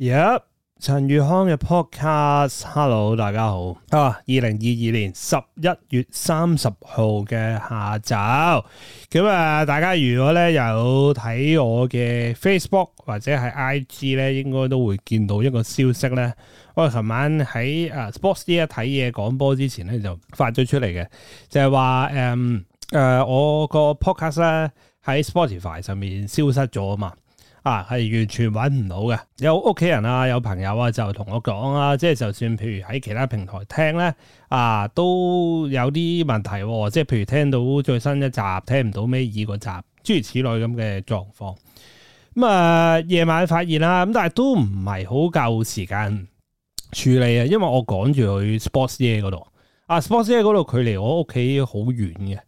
Yep，陳宇康嘅 podcast，hello，大家好啊，二零二二年十一月三十號嘅下晝，咁啊，大家如果咧有睇我嘅 Facebook 或者係 IG 咧，應該都會見到一個消息咧。我琴晚喺啊、呃、Sports 啲啊睇嘢廣播之前咧就發咗出嚟嘅，就係話誒誒，我個 podcast 咧喺 Spotify 上面消失咗啊嘛。啊，係完全揾唔到嘅。有屋企人啊，有朋友啊，就同我講啊，即係就算譬如喺其他平台聽咧，啊，啊，都有啲問題，啊。即係譬如聽到最新一集聽唔到尾二個集，諸如此類咁嘅狀況。咁，嗯、啊，夜晚發現啦，啊，咁但係都唔係好夠時間處理啊，因為我趕住去 Sports Day 嗰度。啊，Sports Day 嗰度距離我屋企好遠嘅。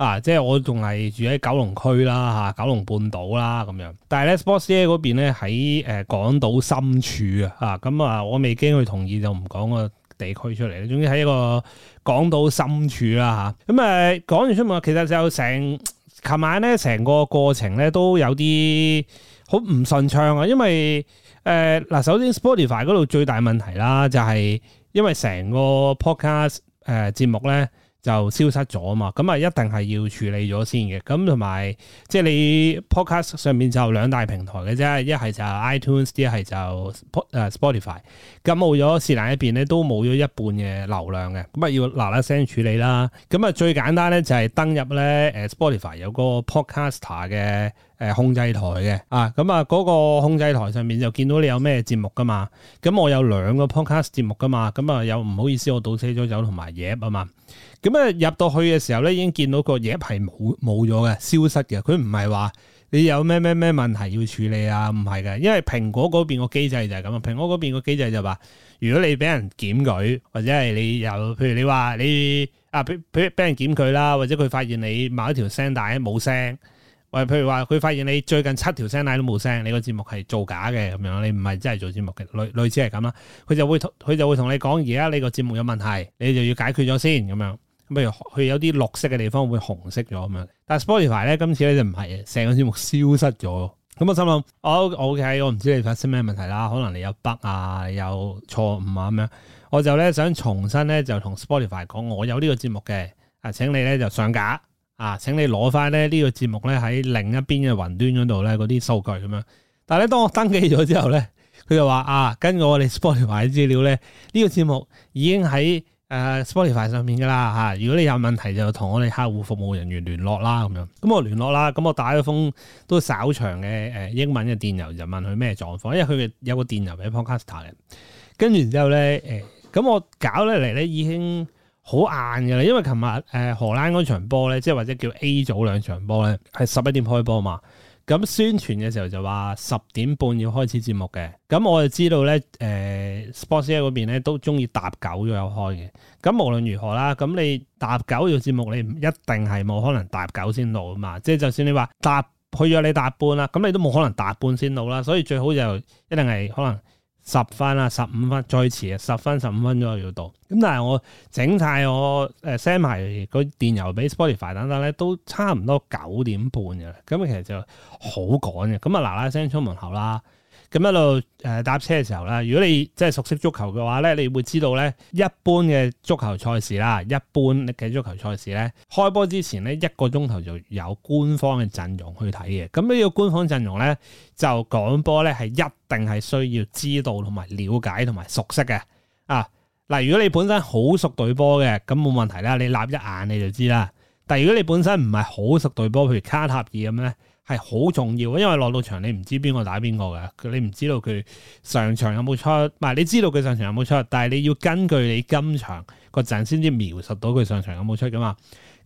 啊，即係我仲係住喺九龍區啦，嚇、啊、九龍半島啦咁樣。但係咧，Sports Day 嗰邊咧喺誒港島深處啊，嚇咁啊，我未經佢同意就唔講個地區出嚟。總之喺一個港島深處啦，嚇咁誒講完出嚟，其實就成琴晚咧，成個過程咧都有啲好唔順暢啊，因為誒嗱、呃，首先 Spotify 嗰度最大問題啦，就係因為成個 podcast 誒、呃、節目咧。就消失咗啊嘛，咁啊一定係要處理咗先嘅，咁同埋即係你 Podcast 上面就有兩大平台嘅啫，一係就 iTunes，一係就 p Sp Spotify，咁冇咗視難一邊咧，都冇咗一半嘅流量嘅，咁啊要嗱嗱聲處理啦，咁啊最簡單咧就係、是、登入咧誒 Spotify 有個 Podcaster 嘅。誒控制台嘅啊，咁啊嗰個控制台上面就見到你有咩節目噶嘛，咁、嗯、我有兩個 podcast 節目噶嘛，咁啊有唔好意思，我倒車咗走同埋嘢啊嘛，咁啊入到去嘅時候咧，已經見到個嘢係冇冇咗嘅，消失嘅，佢唔係話你有咩咩咩問題要處理啊，唔係嘅，因為蘋果嗰邊個機制就係咁啊，蘋果嗰邊個機制就話、是，如果你俾人檢舉或者係你又譬如你話你啊，俾俾俾人檢舉啦，或者佢發現你某一條聲帶冇聲。或譬如話，佢發現你最近七條聲帶都冇聲，你個節目係造假嘅咁樣，你唔係真係做節目嘅，類類似係咁啦。佢就會佢就會同你講，而家你個節目有問題，你就要解決咗先咁樣。譬如佢有啲綠色嘅地方會紅色咗咁樣，但係 Spotify 咧今次咧就唔係，成個節目消失咗。咁我心諗，我、oh, OK，我唔知你發生咩問題啦，可能你有 bug 啊，有錯誤啊咁樣。我就咧想重新咧就同 Spotify 講，我有呢個節目嘅啊，請你咧就上架，啊！請你攞翻咧呢個節目咧喺另一邊嘅雲端嗰度咧嗰啲數據咁樣。但係咧，當我登記咗之後咧，佢就話啊，根據我哋 Spotify 資料咧，呢、這個節目已經喺誒、呃、Spotify 上面㗎啦嚇。如果你有問題就同我哋客戶服務人員聯絡啦咁樣。咁、嗯、我聯絡啦，咁、嗯、我打咗封都稍長嘅誒、呃、英文嘅電郵就問佢咩狀況，因為佢有個電郵畀 Podcaster 咧。跟住然之後咧誒，咁、呃嗯、我搞嚟嚟咧已經。好晏嘅啦，因為琴日誒荷蘭嗰場波咧，即係或者叫 A 組兩場波咧，係十一點開波嘛。咁宣傳嘅時候就話十點半要開始節目嘅。咁我就知道咧，誒 Sportske 嗰邊咧都中意搭九左右開嘅。咁無論如何啦，咁你搭九條節目，你唔一定係冇可能搭九先到啊嘛。即係就算你話搭去約你搭半啦，咁你都冇可能搭半先到啦。所以最好就一定係可能。十分啊，十五分最遲啊，十分十五分鐘要到。咁但係我整晒我誒 send 埋個電郵俾 Spotify 等等咧，都差唔多九點半嘅啦。咁、嗯、其實就好趕嘅，咁啊嗱嗱聲出門口啦。咁一路誒搭車嘅時候啦，如果你即係熟悉足球嘅話咧，你會知道咧，一般嘅足球賽事啦，一般嘅足球賽事咧，開波之前咧一個鐘頭就有官方嘅陣容去睇嘅。咁呢個官方陣容咧，就講波咧係一定係需要知道同埋了解同埋熟悉嘅。啊，嗱，如果你本身好熟隊波嘅，咁冇問題啦，你擸一眼你就知啦。但係如果你本身唔係好熟隊波，譬如卡塔爾咁咧。係好重要，因為落到場你唔知邊個打邊個嘅，你唔知道佢上場有冇出。唔係，你知道佢上場有冇出，但係你要根據你今場個陣先至描述到佢上場有冇出嘅嘛。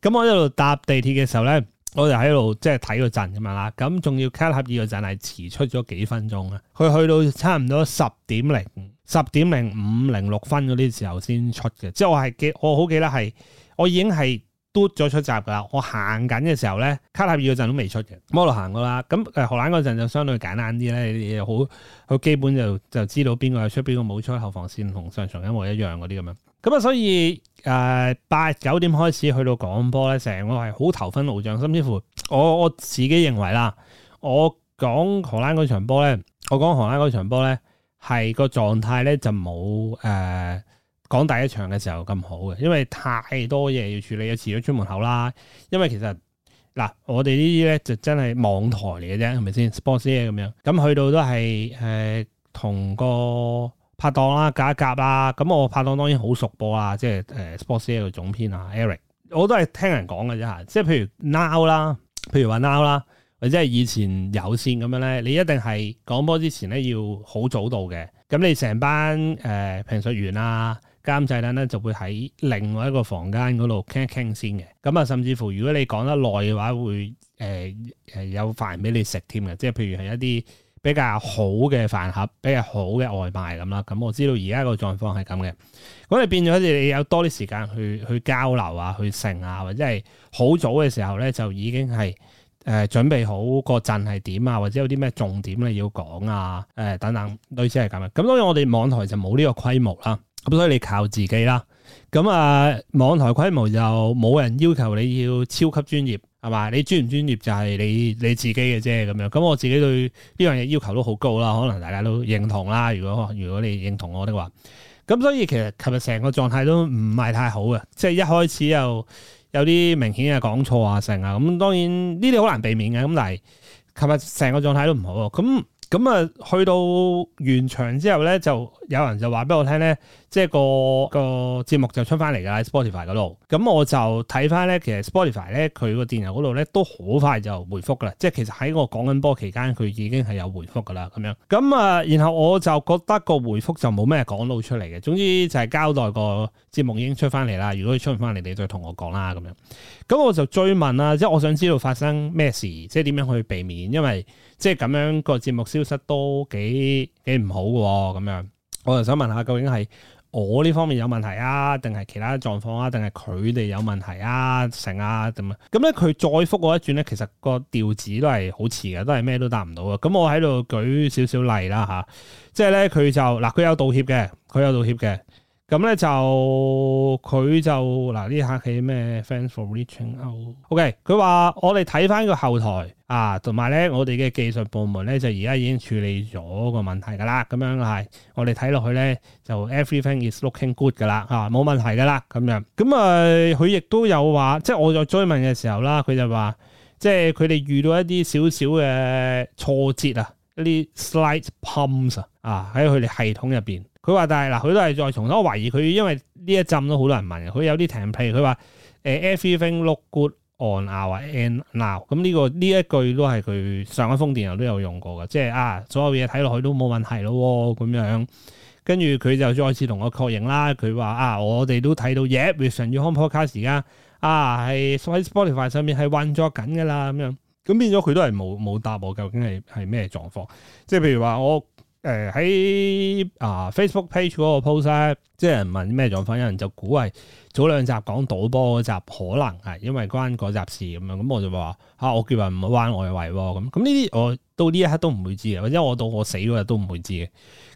咁、嗯、我一路搭地鐵嘅時候咧，我就喺度即係睇、嗯、個陣咁樣啦。咁仲要 care 下呢個陣係遲出咗幾分鐘啊？佢去到差唔多十點零、十點零五、零六分嗰啲時候先出嘅。即係我係記，我好記得係，我已經係。嘟咗出閘噶啦，我行緊嘅時候咧，卡塔爾嗰陣都未出嘅，冇路行噶啦。咁誒荷蘭嗰陣就相對簡單啲咧，啲好好基本就就知道邊個有出，邊個冇出後防線同上場一模一樣嗰啲咁樣。咁啊，所以誒八九點開始去到廣波咧，成個係好頭昏腦脹，甚至乎我我自己認為啦，我講荷蘭嗰場波咧，我講荷蘭嗰場波咧係個狀態咧就冇誒。呃講第一場嘅時候咁好嘅，因為太多嘢要處理啊，遲咗出門口啦。因為其實嗱，我哋呢啲咧就真係網台嚟嘅啫，係咪先？sports 嘅咁樣，咁去到都係誒同個拍檔啦，夾一夾啦。咁我拍檔當然好熟播啦，即係誒、呃、sports 嘅個總編啊，Eric。我都係聽人講嘅啫吓，即係譬如 now 啦，譬如話 now 啦，或者係以前有線咁樣咧，你一定係講波之前咧要好早到嘅。咁你成班誒、呃、評述員啊。監製咧，咧就會喺另外一個房間嗰度傾一傾先嘅。咁啊，甚至乎如果你講得耐嘅話，會誒誒、呃、有飯俾你食添嘅。即係譬如係一啲比較好嘅飯盒，比較好嘅外賣咁啦。咁我知道而家個狀況係咁嘅。咁你變咗，你有多啲時間去去交流啊，去食啊，或者係好早嘅時候咧，就已經係誒、呃、準備好個陣係點啊，或者有啲咩重點你要講啊，誒、呃、等等，類似係咁嘅。咁當然我哋網台就冇呢個規模啦。咁所以你靠自己啦，咁啊網台規模又冇人要求你要超級專業，係嘛？你專唔專業就係你你自己嘅啫，咁樣。咁我自己對呢樣嘢要求都好高啦，可能大家都認同啦。如果如果你認同我的話，咁所以其實琴日成個狀態都唔係太好嘅，即係一開始又有啲明顯嘅講錯啊，剩啊，咁當然呢啲好難避免嘅。咁但係琴日成個狀態都唔好，咁。咁啊，去到完場之後咧，就有人就話俾我聽咧，即係個個節目就出翻嚟㗎，喺 Spotify 嗰度。咁我就睇翻咧，其實 Spotify 咧佢個電郵嗰度咧都好快就回覆㗎啦。即係其實喺我講緊波期間，佢已經係有回覆㗎啦。咁樣咁啊，然後我就覺得個回覆就冇咩講到出嚟嘅。總之就係交代個節目已經出翻嚟啦。如果佢出唔翻嚟，你再同我講啦。咁樣咁我就追問啦，即係我想知道發生咩事，即係點樣可以避免，因為，即係咁樣，個節目消失都幾幾唔好嘅咁、哦、樣，我就想問下究竟係我呢方面有問題啊，定係其他狀況啊，定係佢哋有問題啊成啊咁啊？咁咧佢再覆我一轉咧，其實個調子都係好遲嘅，都係咩都答唔到嘅。咁我喺度舉少少例啦吓、啊，即係咧佢就嗱佢有道歉嘅，佢有道歉嘅。咁咧、嗯、就佢就嗱呢、啊、下佢咩 Thanks for reaching out。OK，佢話我哋睇翻個後台啊，同埋咧我哋嘅技術部門咧就而家已經處理咗個問題噶啦。咁樣係我哋睇落去咧就 everything is looking good 噶啦嚇，冇、啊、問題噶啦咁樣。咁啊佢亦都有話，即係我再追問嘅時候啦，佢就話即係佢哋遇到一啲少少嘅挫折啊，一啲 slight pumps 啊，喺佢哋系統入邊。佢話：但係嗱，佢都係再重新。我懷疑佢，因為呢一陣都好多人問，佢有啲停，譬如佢話：誒，everything look good on our end now。咁呢、嗯這個呢一句都係佢上一封電郵都有用過嘅，即係啊，所有嘢睇落去都冇問題咯咁、哦、樣。跟住佢就再次同我確認啦。佢話：啊，我哋都睇到嘢、yeah，which on home podcast 而家啊，係 Spotify 上面係運作緊嘅啦，咁樣。咁變咗佢都係冇冇答我究竟係係咩狀況？即係譬如話我。誒喺、呃、啊 Facebook page 嗰個 post 咧，即係人問咩狀況，有人就估係早兩集講賭波嗰集，可能係因為關嗰集事咁樣，咁、嗯、我就話嚇、啊，我叫人唔好玩外圍喎，咁咁呢啲我到呢一刻都唔會知嘅，或者我到我死嗰日都唔會知嘅。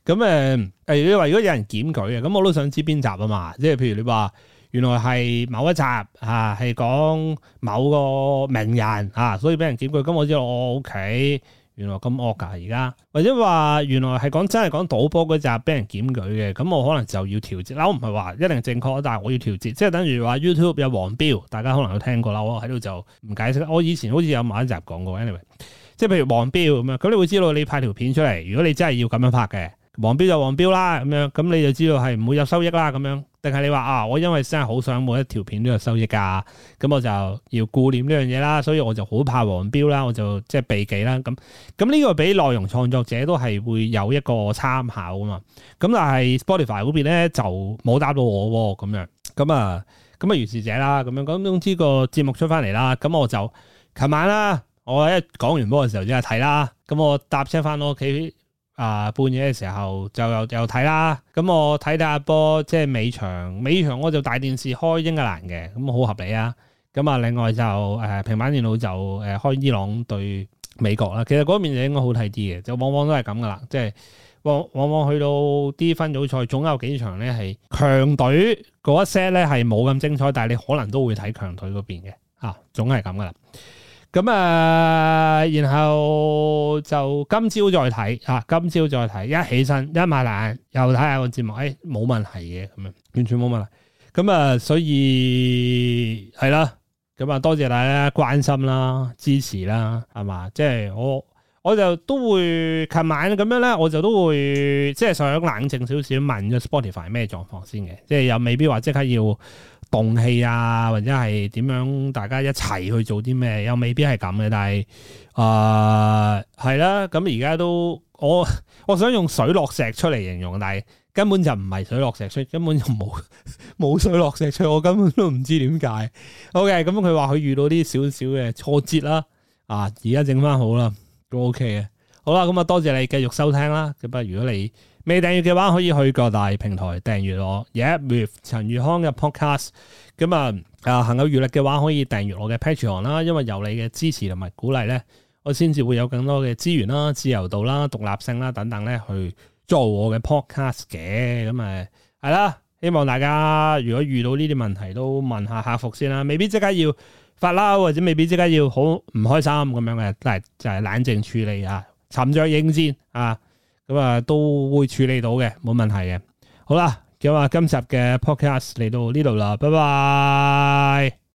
咁誒誒，你、呃、話如果有人檢舉嘅，咁我都想知邊集啊嘛，即係譬如你話原來係某一集嚇係講某個名人嚇、啊，所以俾人檢舉，咁我知道我 OK。原來咁惡㗎，而家或者話原來係講真係講賭波嗰集俾人檢舉嘅，咁我可能就要調節。我唔係話一定正確，但係我要調節，即係等於話 YouTube 有黃標，大家可能有聽過啦。我喺度就唔解釋。我以前好似有某一集講過，anyway，即係譬如黃標咁樣，咁你會知道你拍條片出嚟，如果你真係要咁樣拍嘅，黃標就黃標啦，咁樣咁你就知道係唔會有收益啦，咁樣。定係你話啊！我因為真係好想每一條片都有收益噶，咁我就要顧念呢樣嘢啦，所以我就好怕黃標啦，我就即係、就是、避忌啦。咁咁呢個俾內容創作者都係會有一個參考噶嘛。咁但係 Spotify 嗰邊咧就冇答到我喎，咁樣咁啊，咁啊如是者啦，咁樣咁總之個節目出翻嚟啦，咁我就琴晚啦，我一講完波嘅時候即係睇啦，咁我搭車翻屋企。啊、呃、半夜嘅時候就又又睇啦，咁我睇睇阿波即係尾場，尾場我就大電視開英格蘭嘅，咁好合理啊。咁啊，另外就誒、呃、平板電腦就誒開伊朗對美國啦。其實嗰邊就應該好睇啲嘅，就往往都係咁噶啦。即係往往去到啲分組賽，總有幾場咧係強隊嗰一 set 咧係冇咁精彩，但係你可能都會睇強隊嗰邊嘅啊，總係咁噶啦。咁啊、嗯，然後就今朝再睇，吓、啊、今朝再睇，一起身一埋眼又睇下個節目，誒、哎，冇問題嘅，咁樣完全冇問題。咁、嗯、啊、嗯，所以係啦，咁、嗯、啊，多謝大家關心啦、支持啦，係嘛，即係我。好好我就都會琴晚咁樣咧，我就都會即係想冷靜少少，問個 Spotify 咩狀況先嘅，即係又未必話即刻要動氣啊，或者係點樣大家一齊去做啲咩，又未必係咁嘅。但係誒係啦，咁而家都我我想用水落石出嚟形容，但係根本就唔係水， 水落石出，根本就冇冇水落石出，我根本都唔知點解。OK，咁佢話佢遇到啲少少嘅挫折啦，啊，而家整翻好啦。都 OK 嘅，好啦，咁啊多謝你繼續收聽啦。咁啊，如果你未訂閱嘅話，可以去各大平台訂閱我 Yeah, with 陳宇康嘅 Podcast。咁啊啊，行有餘力嘅話，可以訂閱我嘅 Patreon 啦。因為有你嘅支持同埋鼓勵咧，我先至會有更多嘅資源啦、自由度啦、獨立性啦等等咧，去做我嘅 Podcast 嘅。咁啊係啦，希望大家如果遇到呢啲問題都問下客服先啦，未必即刻要。發嬲，或者未必即刻要好唔開心咁樣嘅，但係就係、是、冷靜處理啊，沉着應戰啊，咁啊都會處理到嘅，冇問題嘅。好啦，咁啊，今集嘅 podcast 嚟到呢度啦，拜拜。